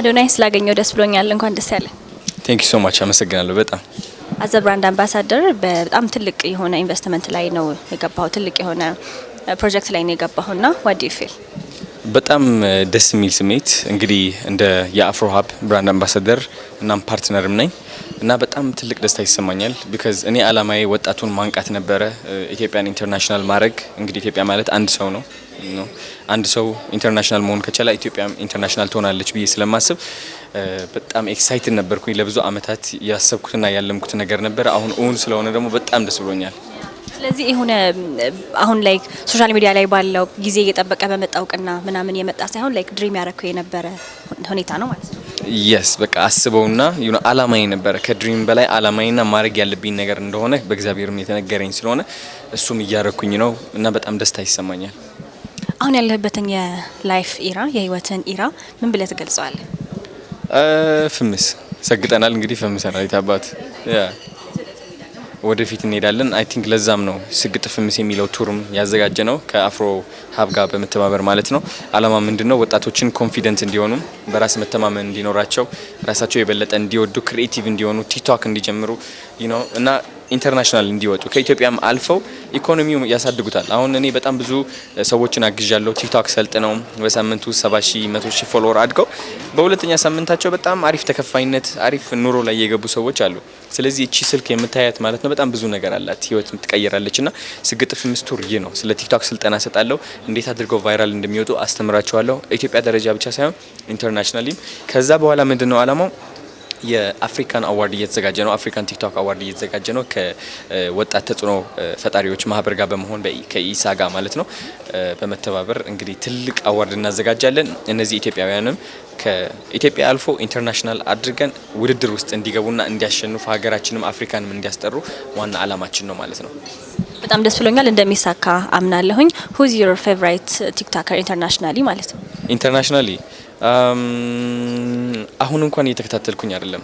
አዶናይ ስላገኘው ደስ ብሎኛል። እንኳን ደስ ያለ። ቴንክ ዩ ሶ ማች አመሰግናለሁ። በጣም አዘ ብራንድ አምባሳደር በጣም ትልቅ የሆነ ኢንቨስትመንት ላይ ነው የገባው፣ ትልቅ የሆነ ፕሮጀክት ላይ ነው የገባሁና ዋዲ ፊል በጣም ደስ የሚል ስሜት እንግዲህ እንደ የአፍሮ ሀብ ብራንድ አምባሳደር እናም ፓርትነርም ነኝ እና በጣም ትልቅ ደስታ ይሰማኛል። ቢካዝ እኔ አላማዬ ወጣቱን ማንቃት ነበረ፣ ኢትዮጵያን ኢንተርናሽናል ማድረግ እንግዲህ ኢትዮጵያ ማለት አንድ ሰው ነው አንድ ሰው ኢንተርናሽናል መሆን ከቻለ ኢትዮጵያ ኢንተርናሽናል ትሆናለች ብዬ ስለማስብ በጣም ኤክሳይትድ ነበርኩኝ። ለብዙ አመታት ያሰብኩትና ያለምኩት ነገር ነበር። አሁን እውን ስለሆነ ደግሞ በጣም ደስ ብሎኛል። ስለዚህ የሆነ አሁን ላይ ሶሻል ሚዲያ ላይ ባለው ጊዜ እየጠበቀ በመጣው እውቅና ምናምን የመጣ ሳይሆን ላይክ ድሪም ያረከው የነበረ ሁኔታ ነው ማለት ነው። የስ በቃ አስበውና ዩኖ አላማዬ ነበረ። ከድሪም በላይ አላማዬና ማድረግ ያለብኝ ነገር እንደሆነ በእግዚአብሔርም የተነገረኝ ስለሆነ እሱም እያረኩኝ ነው እና በጣም ደስታ ይሰማኛል። አሁን ያለህበትን የላይፍ ኢራ የህይወትን ኢራ ምን ብለህ ትገልጸዋል? ፍምስ ሰግጠናል እንግዲህ ፈምሰናል። የታባት ወደፊት እንሄዳለን። አይ ቲንክ ለዛም ነው ስግጥ ፍምስ የሚለው ቱርም ያዘጋጀ ነው ከአፍሮ ሀብ ጋር በመተባበር ማለት ነው። አላማ ምንድን ነው? ወጣቶችን ኮንፊደንት እንዲሆኑ፣ በራስ መተማመን እንዲኖራቸው፣ ራሳቸው የበለጠ እንዲወዱ፣ ክሪኤቲቭ እንዲሆኑ፣ ቲክቶክ እንዲጀምሩ እና ኢንተርናሽናል እንዲወጡ ከኢትዮጵያም አልፈው ኢኮኖሚው ያሳድጉታል። አሁን እኔ በጣም ብዙ ሰዎችን አግዣለሁ። ቲክቶክ ሰልጥነው በሳምንቱ 70 ሺህ 100 ሺህ ፎሎወር አድገው በሁለተኛ ሳምንታቸው በጣም አሪፍ ተከፋይነት፣ አሪፍ ኑሮ ላይ የገቡ ሰዎች አሉ። ስለዚህ እቺ ስልክ የምታያት ማለት ነው በጣም ብዙ ነገር አላት፣ ህይወት ትቀይራለች። እና ስግጥፍ ምስቱር ይህ ነው። ስለ ቲክቶክ ስልጠና ሰጣለሁ፣ እንዴት አድርገው ቫይራል እንደሚወጡ አስተምራቸዋለሁ። ኢትዮጵያ ደረጃ ብቻ ሳይሆን ኢንተርናሽናሊም። ከዛ በኋላ ምንድን ነው አላማው የአፍሪካን አዋርድ እየተዘጋጀ ነው። አፍሪካን ቲክቶክ አዋርድ እየተዘጋጀ ነው ከወጣት ተጽዕኖ ፈጣሪዎች ማህበር ጋር በመሆን ከኢሳ ጋር ማለት ነው በመተባበር እንግዲህ ትልቅ አዋርድ እናዘጋጃለን። እነዚህ ኢትዮጵያውያንም ከኢትዮጵያ አልፎ ኢንተርናሽናል አድርገን ውድድር ውስጥ እንዲገቡና እንዲያሸንፉ ሀገራችንም አፍሪካንም እንዲያስጠሩ ዋና አላማችን ነው ማለት ነው። በጣም ደስ ብሎኛል። እንደሚሳካ አምናለሁኝ። ሁዝ ዮር ፌቨራይት ቲክቶከር ኢንተርናሽናሊ ማለት ነው ኢንተርናሽናሊ አሁን እንኳን እየተከታተልኩኝ አይደለም፣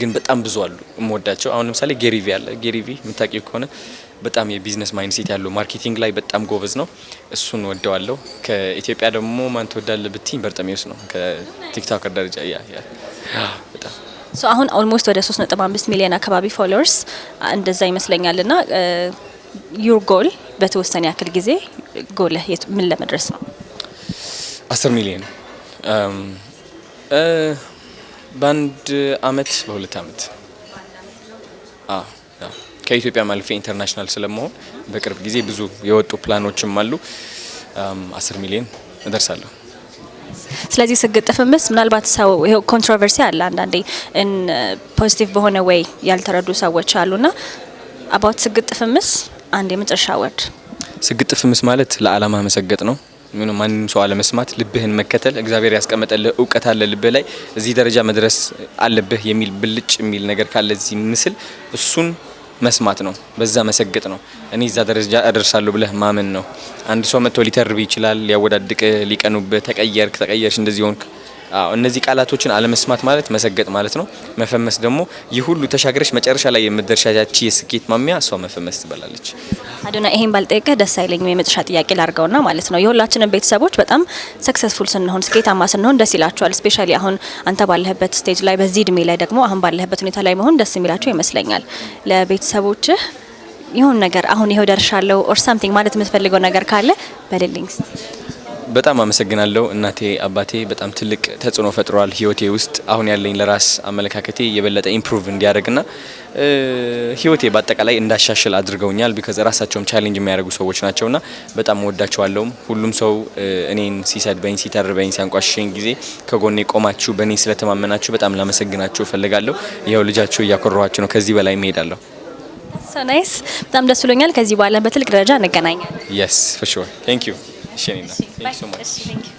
ግን በጣም ብዙ አሉ እምወዳቸው። አሁን ለምሳሌ ጌሪቪ አለ። ጌሪቪ የምታውቂው ከሆነ በጣም የቢዝነስ ማይንድሴት ያለው ማርኬቲንግ ላይ በጣም ጎበዝ ነው። እሱን ወደዋለሁ። ከኢትዮጵያ ደግሞ ማን ትወዳለህ ብትኝ በርጠሜውስ ነው። ከቲክቶከር ደረጃ ያ ያ በጣም ሶ አሁን ኦልሞስት ወደ 3.5 ሚሊዮን አካባቢ ፎሎወርስ እንደዛ ይመስለኛል። ና ዩር ጎል በተወሰነ ያክል ጊዜ ጎልህ ምን ለመድረስ ነው? 10 ሚሊዮን በአንድ አመት በሁለት አመት ከኢትዮጵያ ማልፌ ኢንተርናሽናል ስለመሆን በቅርብ ጊዜ ብዙ የወጡ ፕላኖችም አሉ። አስር ሚሊዮን እደርሳለሁ። ስለዚህ ስግጥ ፍምስ ምናልባት ሰው ይኸው ኮንትሮቨርሲ አለ አንዳንዴ ፖዚቲቭ በሆነ ወይ ያልተረዱ ሰዎች አሉና አባት ስግጥፍምስ ፍምስ አንድ የመጨረሻ ወርድ ስግጥፍምስ ማለት ለአላማ መሰገጥ ነው። ምን ማንም ሰው አለመስማት፣ ልብህን መከተል። እግዚአብሔር ያስቀመጠልህ እውቀት አለ ልብህ ላይ እዚህ ደረጃ መድረስ አለብህ የሚል ብልጭ የሚል ነገር ካለ እዚህ ምስል እሱን መስማት ነው፣ በዛ መሰገጥ ነው። እኔ እዛ ደረጃ አደርሳለሁ ብለህ ማመን ነው። አንድ ሰው መጥቶ ሊተርብ ይችላል፣ ሊያወዳድቅህ፣ ሊቀኑብህ፣ ተቀየርክ፣ ተቀየርሽ፣ እንደዚህ ሆንክ እነዚህ ቃላቶችን አለመስማት ማለት መሰገጥ ማለት ነው። መፈመስ ደግሞ ይህ ሁሉ ተሻግረሽ መጨረሻ ላይ የምትደርሻች የስኬት ማሚያ እሷ መፈመስ ትበላለች። አዶና ይሄን ባልጠየቀ ደስ አይለኝም። የመጨረሻ ጥያቄ ላርገውና ማለት ነው የሁላችንም ቤተሰቦች በጣም ሰክሰስፉል ስንሆን ስኬታማ ስንሆን ደስ ይላቸዋል። ስፔሻሊ አሁን አንተ ባለህበት ስቴጅ ላይ በዚህ እድሜ ላይ ደግሞ አሁን ባለህበት ሁኔታ ላይ መሆን ደስ የሚላቸው ይመስለኛል። ለቤተሰቦችህ ይሁን ነገር አሁን ይሄው ደርሻለሁ ኦር ሳምቲንግ ማለት የምትፈልገው ነገር ካለ በልልኝ። በጣም አመሰግናለሁ እናቴ አባቴ በጣም ትልቅ ተጽዕኖ ፈጥሯል ህይወቴ ውስጥ አሁን ያለኝ ለራስ አመለካከቴ የበለጠ ኢምፕሩቭ እንዲያደርግና ህይወቴ በአጠቃላይ እንዳሻሽል አድርገውኛል ቢካዝ ራሳቸውም ቻሌንጅ የሚያደርጉ ሰዎች ናቸውና በጣም ወዳቸዋለሁም ሁሉም ሰው እኔን ሲሰድበኝ ሲተርበኝ ሲያንቋሽሸኝ ጊዜ ከጎኔ ቆማችሁ በእኔ ስለተማመናችሁ በጣም ላመሰግናችሁ እፈልጋለሁ ይኸው ልጃችሁ እያኮረኋችሁ ነው ከዚህ በላይ እሄዳለሁ ናይስ በጣም ደስ ብሎኛል ከዚህ በኋላ በትልቅ ደረጃ እንገናኛለን የስ ፎር ሹር ቴንክ ዩ Thank you so much.